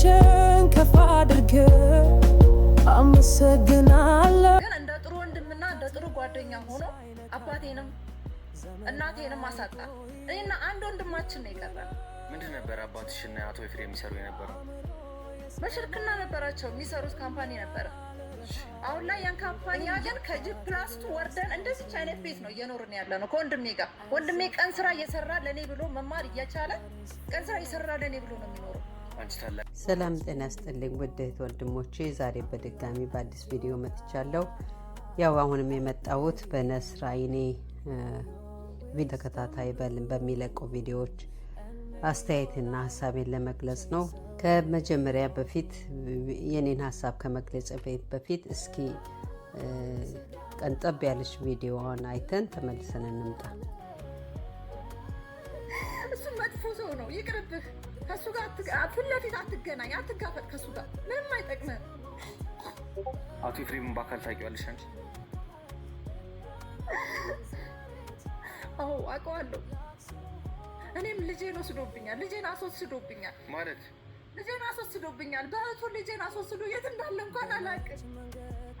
እጆችን ከፍ አድርግ አመሰግናለሁ። ግን እንደ ጥሩ ወንድምና እንደ ጥሩ ጓደኛ ሆኖ አባቴንም እናቴንም አሳጣ። እኔና አንድ ወንድማችን ነው የቀረ። ምንድን ነበር አባትሽና አቶ ኤፍሬም የሚሰሩ የነበረው? በሽርክና ነበራቸው የሚሰሩት ካምፓኒ ነበረ። አሁን ላይ ያን ካምፓኒ ግን ከጂ ፕላስቱ ወርደን እንደዚች አይነት ቤት ነው እየኖርን ያለ ነው ከወንድሜ ጋር። ወንድሜ ቀን ስራ እየሰራ ለእኔ ብሎ መማር እየቻለ ቀን ስራ እየሰራ ለእኔ ብሎ ነው የሚኖረው ሰላም ጤና ያስጥልኝ ውድህት ወንድሞቼ፣ ዛሬ በድጋሚ በአዲስ ቪዲዮ መጥቻለሁ። ያው አሁንም የመጣሁት በነስር አይኔ ተከታታይ በልን በሚለቁ ቪዲዮዎች አስተያየትና ሀሳቤን ለመግለጽ ነው። ከመጀመሪያ በፊት የኔን ሀሳብ ከመግለጽ በፊት እስኪ ቀንጠብ ያለች ቪዲዮዋን አይተን ተመልሰን እንምጣ። ሰው ነው፣ ይቅርብህ። ከሱ ጋር ፊት ለፊት አትገናኝ፣ አትጋፈጥ ከሱ ጋር ምንም አይጠቅምህም። አቶ ኤፍሬምን በአካል ታውቂዋለሽ አንቺ? አዎ አውቀዋለሁ። እኔም ልጄን ወስዶብኛል፣ ልጄን አስወስዶብኛል ማለት ልጄን አስወስዶብኛል። በእህቱ ልጄን አስወስዶ የት እንዳለ እንኳን አላውቅም፣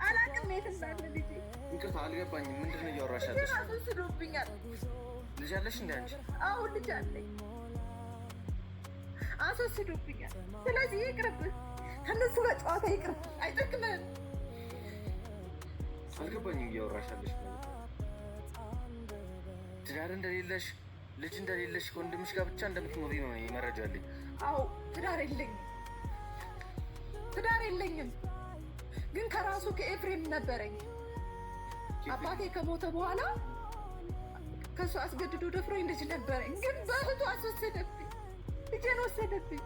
አላውቅም የት እንዳለ ልጄ። ይቅርታ አልገባኝም። ምንድን ነው እያወራሽ ልጄን አስወስዶብኛል። ልጅ አለሽ እንደ አንቺ? አዎ ልጅ አለኝ። አሳስዶብኛል። ስለዚህ ይቅርብን፣ ከነሱ ጋር ጨዋታ ይቅርብ፣ አይጠቅምም። አልገባኝም እያወራሻለሽ ትዳር እንደሌለሽ ልጅ እንደሌለሽ ከወንድምሽ ጋር ብቻ እንደምትኖሪ መረጃ አለኝ። አዎ ትዳር የለኝም፣ ትዳር የለኝም። ግን ከራሱ ከኤፍሬም ነበረኝ። አባቴ ከሞተ በኋላ ከእሱ አስገድዶ ደፍሮኝ ልጅ ነበረኝ፣ ግን በእህቱ ወሰደብኝ።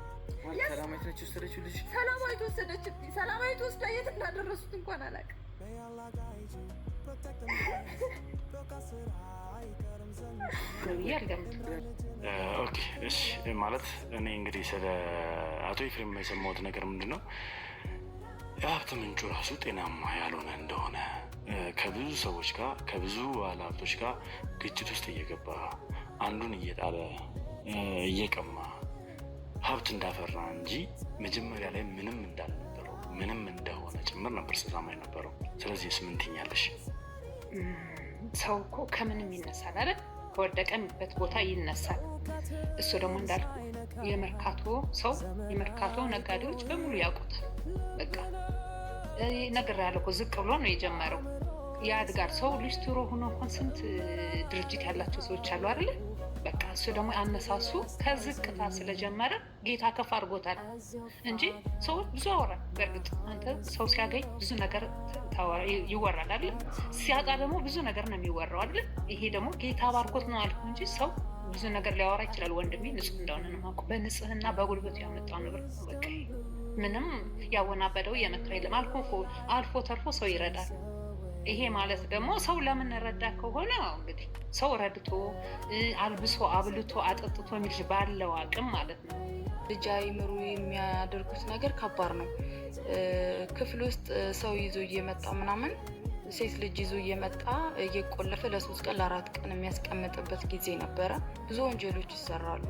ሰላማዊት ወሰደችው ልጅ ሰላማዊት ወሰደችብኝ። ሰላማዊት ወስዳ የት እንዳደረሱት እንኳን አላውቅም። እሺ። ማለት እኔ እንግዲህ ስለ አቶ ኤፍሬም የሰማሁት ነገር ምንድን ነው የሀብት ምንጩ ራሱ ጤናማ ያልሆነ እንደሆነ ከብዙ ሰዎች ጋር ከብዙ ጋር ግጭት ውስጥ እየገባ አንዱን እየጣለ እየቀማ ሀብት እንዳፈራ እንጂ መጀመሪያ ላይ ምንም እንዳልነበረው ምንም እንደሆነ ጭምር ነበር ስሰማ ነበረው። ስለዚህ ስምንትኛለሽ ሰው እኮ ከምንም ይነሳል አይደል? ከወደቀንበት ቦታ ይነሳል። እሱ ደግሞ እንዳልኩ የመርካቶ ሰው የመርካቶ ነጋዴዎች በሙሉ ያውቁታል። በቃ ነገር ያለ እኮ ዝቅ ብሎ ነው የጀመረው። የአድጋር ሰው ሊስትሮ ሆኖ እንኳን ስንት ድርጅት ያላቸው ሰዎች አሉ አይደለ? በቃ እሱ ደግሞ አነሳሱ ከዝቅታ ስለጀመረ ጌታ ከፍ አድርጎታል እንጂ ሰዎች ብዙ አወራል። በእርግጥ አንተ ሰው ሲያገኝ ብዙ ነገር ይወራል አለ፣ ሲያጣ ደግሞ ብዙ ነገር ነው የሚወራው አለ። ይሄ ደግሞ ጌታ ባርኮት ነው አልኩ እንጂ ሰው ብዙ ነገር ሊያወራ ይችላል። ወንድሜ ንጹህ እንደሆነ ነው የማውቀው። በንጽህና በጉልበቱ ያመጣው ንብረት ነው በቃ ምንም ያወናበደው የመጣ የለም። አልፎ አልፎ ተርፎ ሰው ይረዳል። ይሄ ማለት ደግሞ ሰው ለምን ረዳ ከሆነ እንግዲህ ሰው ረድቶ አልብሶ አብልቶ አጠጥቶ የሚልሽ ባለው አቅም ማለት ነው። ልጅ አይምሩ የሚያደርጉት ነገር ከባድ ነው። ክፍል ውስጥ ሰው ይዞ እየመጣ ምናምን ሴት ልጅ ይዞ እየመጣ እየቆለፈ ለሶስት ቀን ለአራት ቀን የሚያስቀምጥበት ጊዜ ነበረ። ብዙ ወንጀሎች ይሰራሉ።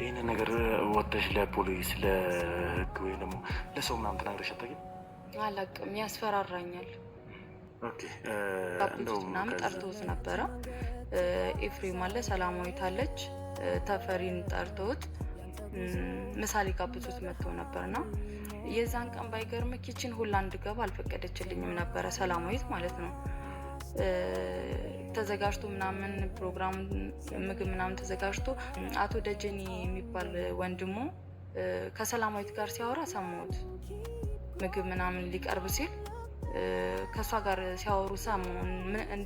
ይህን ነገር ወደሽ ለፖሊስ ለህግ ወይ ደግሞ ለሰው ምናምን ተናግረሽ አታውቂም? አላውቅም። ያስፈራራኛል ምናምን ጠርቶት ነበረ። ኤፍሬም አለ፣ ሰላማዊት አለች፣ ተፈሪን ጠርቶት ምሳሌ ጋብዞት መጥተው ነበርና የዛን ቀን ባይገርም ኪችን ሁላ እንድገባ አልፈቀደችልኝም ነበረ ሰላማዊት ማለት ነው። ተዘጋጅቶ ምናምን ፕሮግራም ምግብ ምናምን ተዘጋጅቶ አቶ ደጀኒ የሚባል ወንድሞ ከሰላማዊት ጋር ሲያወራ ሰማሁት። ምግብ ምናምን ሊቀርብ ሲል ከእሷ ጋር ሲያወሩ ሰሙን።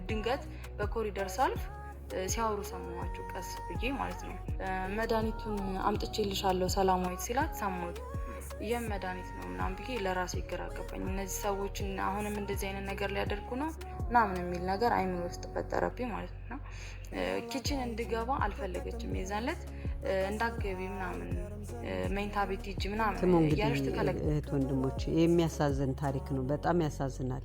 ድንገት በኮሪደር ሳልፍ ሲያወሩ ሰማኋቸው፣ ቀስ ብዬ ማለት ነው። መድኃኒቱን አምጥቼልሻለሁ ሰላማዊት ሲላት ሰሙት። ይህም መድኃኒት ነው ምናምን ብዬ ለራሴ ግራ ገባኝ። እነዚህ ሰዎች አሁንም እንደዚህ አይነት ነገር ሊያደርጉ ነው ምናምን የሚል ነገር አይምሮ ውስጥ ፈጠረብኝ ማለት ነው። ኪችን እንድገባ አልፈለገችም የዛን ዕለት እንዳገቢ ምናምን መኝታ ቤት ሂጂ ምናምን እያለሽ እህት ወንድሞች፣ የሚያሳዝን ታሪክ ነው። በጣም ያሳዝናል።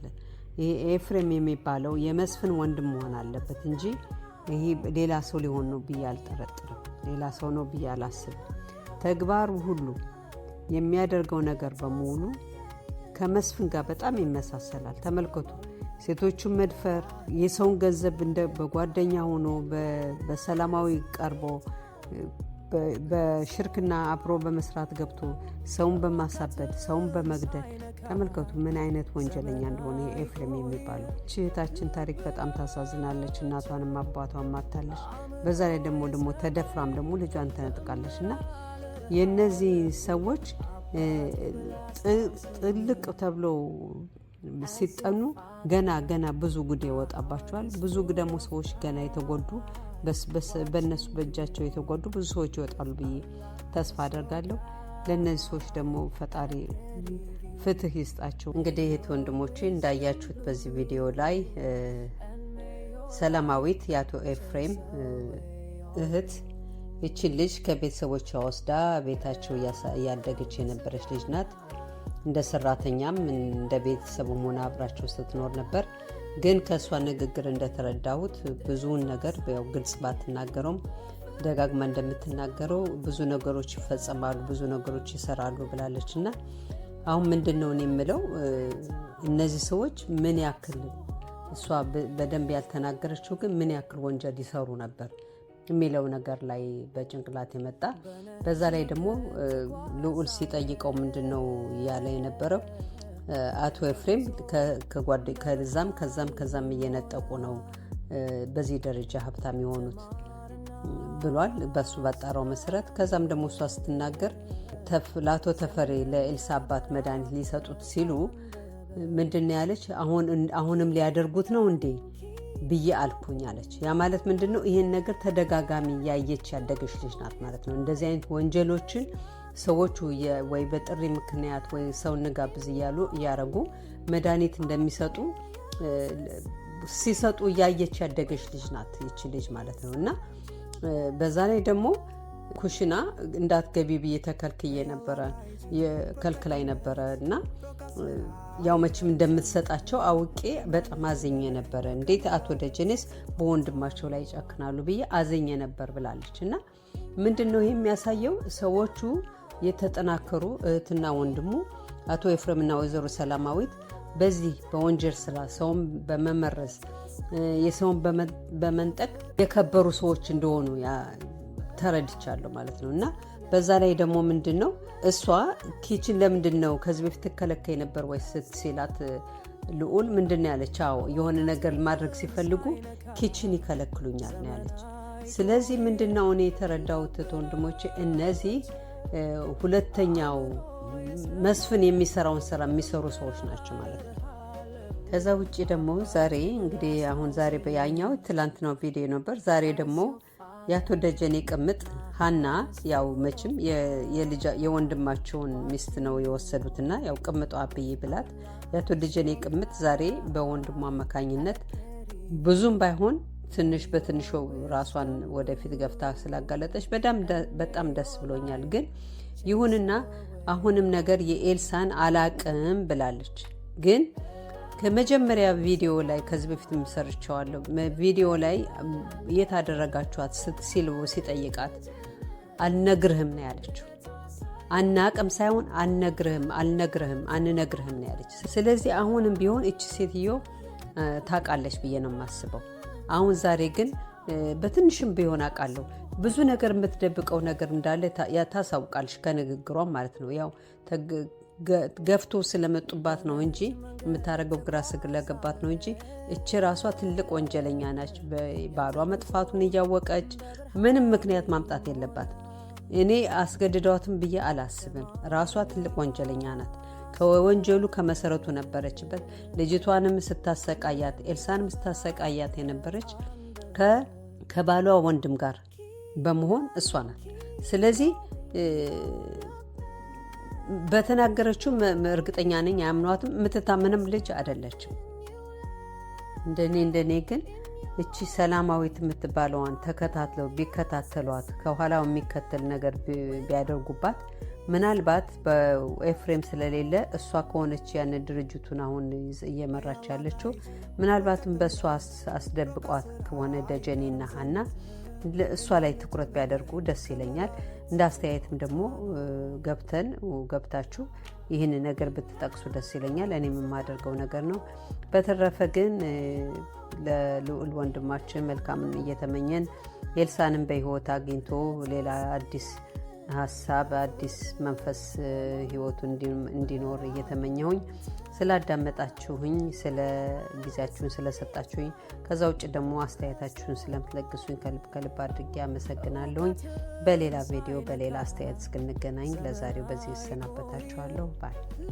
ኤፍሬም የሚባለው የመስፍን ወንድም መሆን አለበት እንጂ ይሄ ሌላ ሰው ሊሆን ነው ብዬ አልጠረጥርም። ሌላ ሰው ነው ብዬ አላስብም። ተግባሩ ሁሉ የሚያደርገው ነገር በሙሉ ከመስፍን ጋር በጣም ይመሳሰላል። ተመልከቱ፣ ሴቶቹን መድፈር፣ የሰውን ገንዘብ እንደ በጓደኛ ሆኖ በሰላማዊ ቀርቦ በሽርክና አብሮ በመስራት ገብቶ ሰውን በማሳበድ ሰውን በመግደል ተመልከቱ ምን አይነት ወንጀለኛ እንደሆነ የኤፍሬም የሚባሉ እህታችን ታሪክ በጣም ታሳዝናለች። እናቷንም አባቷን ማታለች። በዛ ላይ ደግሞ ደግሞ ተደፍራም ደግሞ ልጇን ተነጥቃለች እና የእነዚህ ሰዎች ጥልቅ ተብሎ ሲጠኑ ገና ገና ብዙ ጉድ ይወጣባቸዋል። ብዙ ደግሞ ሰዎች ገና የተጎዱ በእነሱ በእጃቸው የተጎዱ ብዙ ሰዎች ይወጣሉ ብዬ ተስፋ አደርጋለሁ። ለእነዚህ ሰዎች ደግሞ ፈጣሪ ፍትህ ይስጣቸው። እንግዲህ እህት ወንድሞች እንዳያችሁት በዚህ ቪዲዮ ላይ ሰላማዊት የአቶ ኤፍሬም እህት ይችን ልጅ ከቤተሰቦቿ ወስዳ ቤታቸው እያደገች የነበረች ልጅ ናት። እንደ ሰራተኛም እንደ ቤተሰቡ ሆና አብራቸው ስትኖር ነበር። ግን ከእሷ ንግግር እንደተረዳሁት ብዙውን ነገር ያው ግልጽ ባትናገረውም ደጋግማ እንደምትናገረው ብዙ ነገሮች ይፈጸማሉ፣ ብዙ ነገሮች ይሰራሉ ብላለች እና አሁን ምንድን ነው የምለው እነዚህ ሰዎች ምን ያክል እሷ በደንብ ያልተናገረችው ግን ምን ያክል ወንጀል ይሰሩ ነበር የሚለው ነገር ላይ በጭንቅላት የመጣ በዛ ላይ ደግሞ ልዑል ሲጠይቀው ምንድን ነው እያለ የነበረው አቶ ኤፍሬም ከዛም ከዛም ከዛም እየነጠቁ ነው በዚህ ደረጃ ሀብታም የሆኑት ብሏል። በሱ ባጣራው መሰረት ከዛም ደግሞ እሷ ስትናገር ለአቶ ተፈሬ ለኤልሳ አባት መድኃኒት ሊሰጡት ሲሉ ምንድን ያለች አሁንም ሊያደርጉት ነው እንዴ ብዬ አልኩኝ አለች። ያ ማለት ምንድን ነው? ይህን ነገር ተደጋጋሚ እያየች ያደገች ልጅ ናት ማለት ነው። እንደዚህ አይነት ወንጀሎችን ሰዎቹ ወይ በጥሪ ምክንያት ወይ ሰው እንጋብዝ እያሉ እያረጉ መድኃኒት እንደሚሰጡ ሲሰጡ እያየች ያደገች ልጅ ናት ይች ልጅ ማለት ነው። እና በዛ ላይ ደግሞ ኩሽና እንዳትገቢ ብዬ ተከልክዬ ነበረ ላይ ነበረ እና ያው መቼም እንደምትሰጣቸው አውቄ በጣም አዘኘ ነበረ። እንዴት አቶ ደጀኔስ በወንድማቸው ላይ ይጨክናሉ ብዬ አዘኘ ነበር ብላለች። እና ምንድን ነው ይሄ የሚያሳየው ሰዎቹ የተጠናከሩ እህትና ወንድሙ አቶ ኤፍሬምና ወይዘሮ ሰላማዊት በዚህ በወንጀል ስራ ሰውን በመመረዝ የሰውን በመንጠቅ የከበሩ ሰዎች እንደሆኑ ተረድቻለሁ ማለት ነው እና በዛ ላይ ደግሞ ምንድን ነው እሷ ኪችን ለምንድን ነው ከዚህ በፊት ትከለከ የነበር ወይ ስትሲላት ልዑል ምንድን ነው ያለች? አዎ የሆነ ነገር ማድረግ ሲፈልጉ ኪችን ይከለክሉኛል ነው ያለች። ስለዚህ ምንድን ነው እኔ የተረዳሁት ወንድሞቼ እነዚህ ሁለተኛው መስፍን የሚሰራውን ስራ የሚሰሩ ሰዎች ናቸው ማለት ነው። ከዛ ውጭ ደግሞ ዛሬ እንግዲህ አሁን ዛሬ በያኛው ነው ቪዲዮ ነበር። ዛሬ ደግሞ የአቶ ደጀኔ ቅምጥ ሀና ያው መቼም የወንድማቸውን ሚስት ነው የወሰዱትና ያው ቅምጧ አብዬ ብላት የአቶ ደጀኔ ቅምጥ ዛሬ በወንድሙ አማካኝነት ብዙም ባይሆን ትንሽ በትንሹ ራሷን ወደፊት ገፍታ ስላጋለጠች በጣም ደስ ብሎኛል። ግን ይሁንና አሁንም ነገር የኤልሳን አላቅም ብላለች። ግን ከመጀመሪያ ቪዲዮ ላይ ከዚህ በፊት ምሰርቸዋለሁ ቪዲዮ ላይ የት አደረጋችኋት ሲል ሲጠይቃት አልነግርህም ነው ያለችው። አናቅም ሳይሆን አልነግርህም አልነግርህም አንነግርህም ነው ያለች። ስለዚህ አሁንም ቢሆን እች ሴትዮ ታውቃለች ብዬ ነው የማስበው። አሁን ዛሬ ግን በትንሽም ቢሆን አውቃለሁ ብዙ ነገር የምትደብቀው ነገር እንዳለ ታሳውቃልሽ ከንግግሯም ማለት ነው። ያው ገፍቶ ስለመጡባት ነው እንጂ የምታደርገው ግራ ስለገባት ነው እንጂ እች ራሷ ትልቅ ወንጀለኛ ናች። ባሏ መጥፋቱን እያወቀች ምንም ምክንያት ማምጣት የለባት። እኔ አስገድደዋትን ብዬ አላስብም። ራሷ ትልቅ ወንጀለኛ ናት። ከወንጀሉ ከመሰረቱ ነበረችበት። ልጅቷንም ስታሰቃያት ኤልሳንም ስታሰቃያት የነበረች ከባሏ ወንድም ጋር በመሆን እሷ ናት። ስለዚህ በተናገረችው እርግጠኛ ነኝ አያምኗትም። የምትታምንም ልጅ አይደለችም። እንደኔ እንደኔ ግን እቺ ሰላማዊት የምትባለዋን ተከታትለው ቢከታተሏት ከኋላው የሚከተል ነገር ቢያደርጉባት ምናልባት በኤፍሬም ስለሌለ እሷ ከሆነች ያን ድርጅቱን አሁን እየመራች ያለችው ምናልባትም በእሷ አስደብቋት ከሆነ ደጀኔና ሀና እሷ ላይ ትኩረት ቢያደርጉ ደስ ይለኛል። እንደ አስተያየትም ደግሞ ገብተን ገብታችሁ ይህን ነገር ብትጠቅሱ ደስ ይለኛል። እኔ የማደርገው ነገር ነው። በተረፈ ግን ለልዑል ወንድማችን መልካምን እየተመኘን ኤልሳንም በህይወት አግኝቶ ሌላ አዲስ ሀሳብ አዲስ መንፈስ ህይወቱ እንዲኖር እየተመኘሁኝ ስላዳመጣችሁኝ፣ ስለ ጊዜያችሁን ስለሰጣችሁኝ፣ ከዛ ውጭ ደግሞ አስተያየታችሁን ስለምትለግሱኝ ከልብ ከልብ አድርጌ አመሰግናለሁኝ። በሌላ ቪዲዮ በሌላ አስተያየት እስክንገናኝ ለዛሬው በዚህ ይሰናበታችኋለሁ ባይ